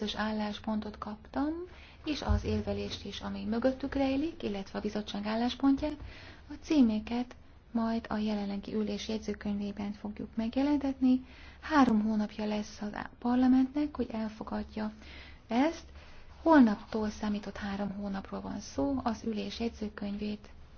közös álláspontot kaptam, és az élvelést is, ami mögöttük rejlik, illetve a bizottság álláspontját, a címéket majd a jelenlegi ülés jegyzőkönyvében fogjuk megjelentetni. Három hónapja lesz a parlamentnek, hogy elfogadja ezt. Holnaptól számított három hónapról van szó, az ülés jegyzőkönyvét